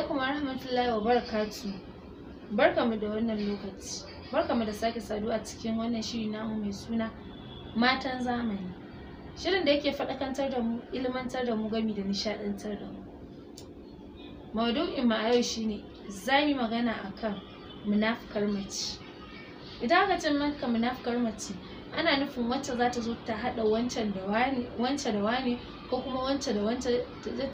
alaikum warahmatullahi barka barkamu da wannan lokaci barkamu da sake saduwa a cikin wannan shiri namu mai suna matan zamani shirin da yake faɗakantar da mu ilmantar da mu gami da nishaɗantar da mu maudu'in mu a yau shine za mu magana akan munafukar mace idan aka ce maka munafukar mace ana nufin wacce za ta zo ta haɗa wancan da wani wance da wane ko kuma wance da wance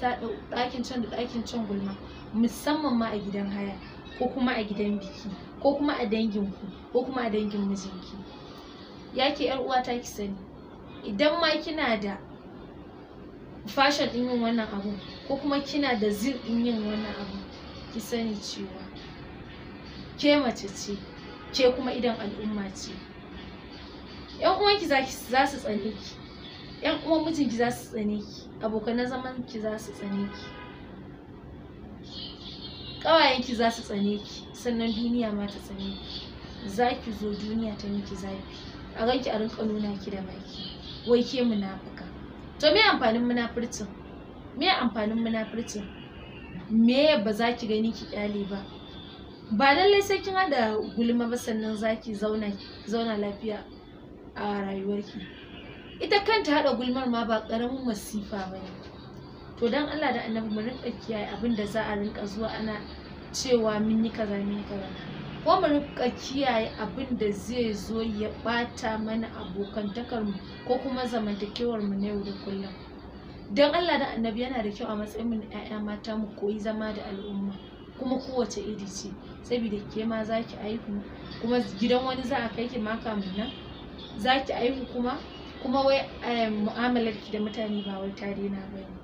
ta haɗa ɗakin can da ɗakin can gulma musamman ma a gidan haya ko kuma a gidan biki ko kuma a danginku ko kuma a dangin mijinki ya ke yar uwata ki sani idan ma kina da fashion ɗin yin wannan abu ko kuma kina da zin ɗin yin wannan abu ki sani cewa ke mace ce ke kuma idan al'umma ce yan uwanki za su tsane ki yan uwan mijinki za su tsane ki abokan zaman ki za su tsane ki ki za su tsane ki sannan duniya ma ta tsane ki za ki zo duniya ta miki zafi a ranki a rinka nuna ki da baki wai ke munafuka to me amfanin munafurcin me amfanin munafurcin me ba za ki gani ki kyale ba ba lallai sai kin hada gulma ba sannan za ki zauna lafiya a rayuwarki ita kanta haɗa gulmar ma ba ƙaramin masifa ba ne to don allah da annabi mu rinka kiyaye abin za a rinka zuwa ana cewa mun yi kaza mun yi kaza ko mu rinka kiyaye abin zai zo ya ɓata mana abokantakar mu ko kuma zamantakewar mu na yau kullum don allah da annabi yana da kyau a matsayin mu na 'ya'ya mata mu koyi zama da al'umma kuma kowace iri ce saboda ke ma za ki aihu kuma gidan wani za a kai ki maka nan za ki aihu kuma kuma wai eh, mu'amalar ki da mutane ba wai ta daina ba ne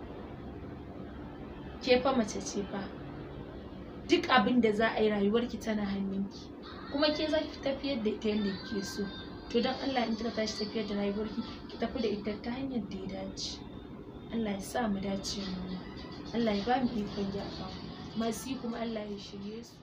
ke fa mace ce fa duk abin da za a yi rayuwar ki tana hannunki kuma ke za ki tafiyar da ita yadda kike so to don Allah in kika tashi tafiyar da rayuwar ki ki tafi da ita ta hanyar da ya dace Allah ya sa mu dace mu Allah ya ba mu ikon gyafa masu yi kuma Allah ya shirye su